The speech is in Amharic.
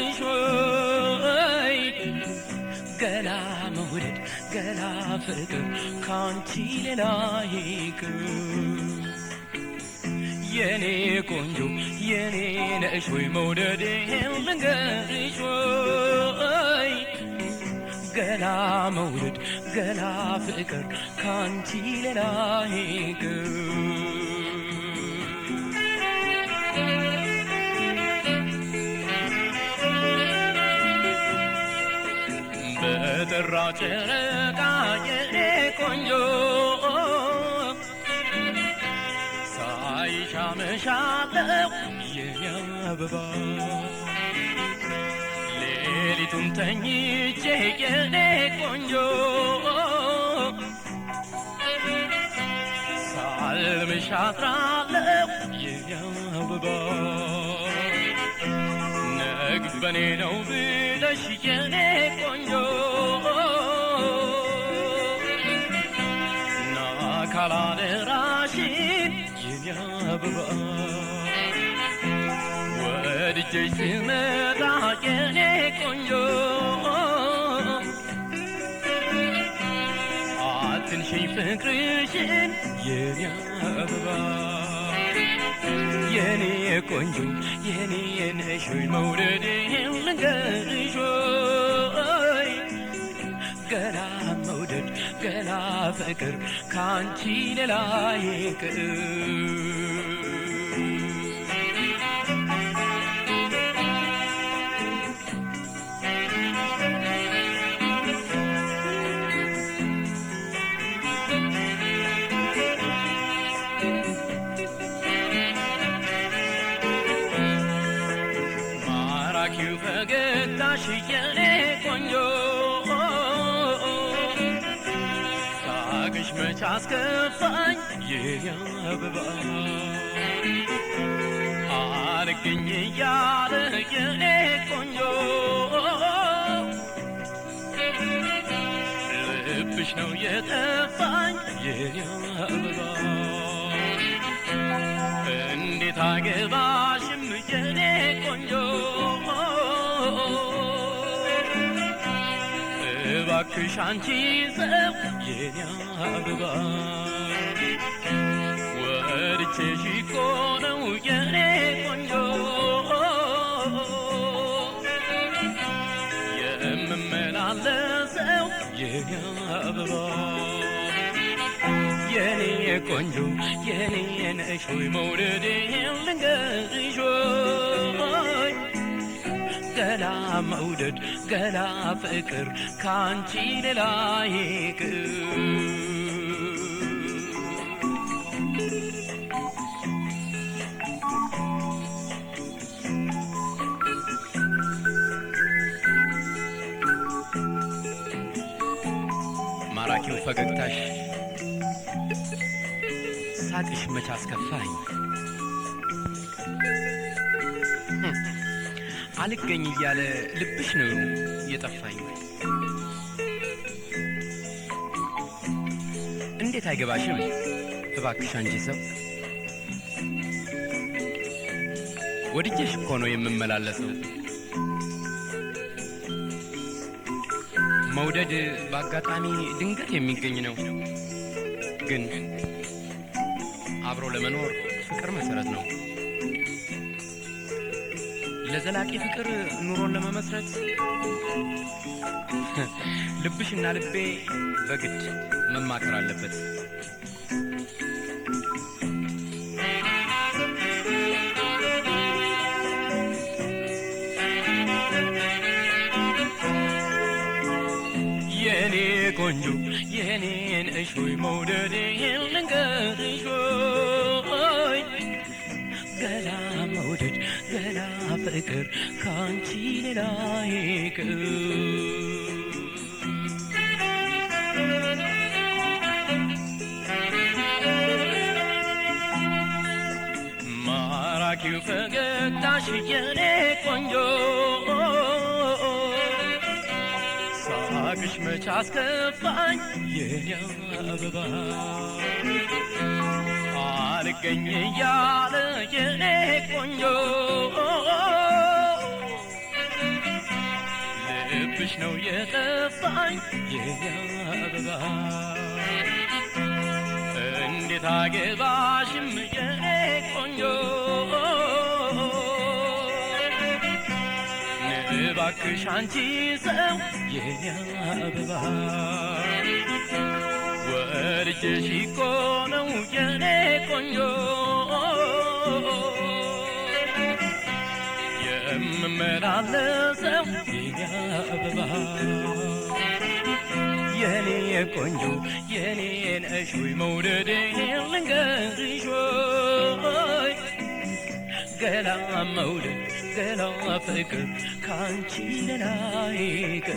ልጅ ሆይ ገና መውደድ ገና ፍቅር ካንቺ ሌላ የኔ ቆንጆ የኔ ነሽ ሆይ መውደድ ልንገርሽ ሆይ ገና መውደድ ገና ፍቅር ካንቺ ጨረቃ የኔ ቆንጆ ሳይሻመሻለው የኔ አበባ ሌሊቱን ተኝቼ የኔ ቆንጆ ሳልምሽ የኔ አበባ ነግበኔ ነው ብለሽ የኔ ቆንጆ كلان راشد يا بابا ودي سمدا كني كنجو አትንሽኝ ፍቅርሽን የኔ አበባ የኔ ቆንጆ የኔ የነሾይ መውደዴን ልንገርሽ ገና ሌላ ፍቅር ከአንቺ ሌላ ይቅር ማራኪው ፈገግታሽ የኔ ቆንጆ መች አስከፋኝ የአበባ አርግኝ እያለ የኔ ቆንጆ ልብሽ ነው የጠፋኝ የኔ አበባ እንዴት አገባ እባክሽ አንቺ ሰው የኔ አበባ ወድቼሽ እኮ ነው የኔ ቆንጆ የምመላለሰው የኔ አበባ የኔ ቆንጆ የኔ ነሽ ሆይ መውደዴን ልንገርሽ ገላ መውደድ ገላ ፍቅር ከአንቺ ሌላ ይቅር ፈገግታሽ ሳቅሽ መች አስከፋኝ። አልገኝ እያለ ልብሽ ነው የጠፋኝ። እንዴት አይገባሽም? እባክሽ አንቺ ሰው ወድጄሽ እኮ ነው የምመላለሰው። መውደድ በአጋጣሚ ድንገት የሚገኝ ነው፣ ግን አብሮ ለመኖር ፍቅር መሰረት ነው። ለዘላቂ ፍቅር ኑሮን ለመመስረት ልብሽና ልቤ በግድ መማከር አለበት። የኔ ቆንጆ የኔን እሾይ መውደዴን ልንገርሽ ገና መውደድ ገና ፍቅር ከአንቺ ሌላ ይቅር ማራኪው ፈገግታሽ የኔ ቆንጆ ሳቅሽ መች አስከፋኝ የኔ አበባ አልገኝ እያለ የኔ ቆንጆ ልብሽ ነው የጠፋኝ የኔ እንዴት አገባሽም የኔ ቆንጆ እባክሽ አንቺ ሰው የኔ ወርጀሽ ኮነው የኔ ቆንጆ የኔ አበባ የኔ ቆንጆ የኔ ነሽ ወይ መውደዴ ልንገርሽ ገላ መውደድ ገላ ፍቅር ካንቺ ለላይቅ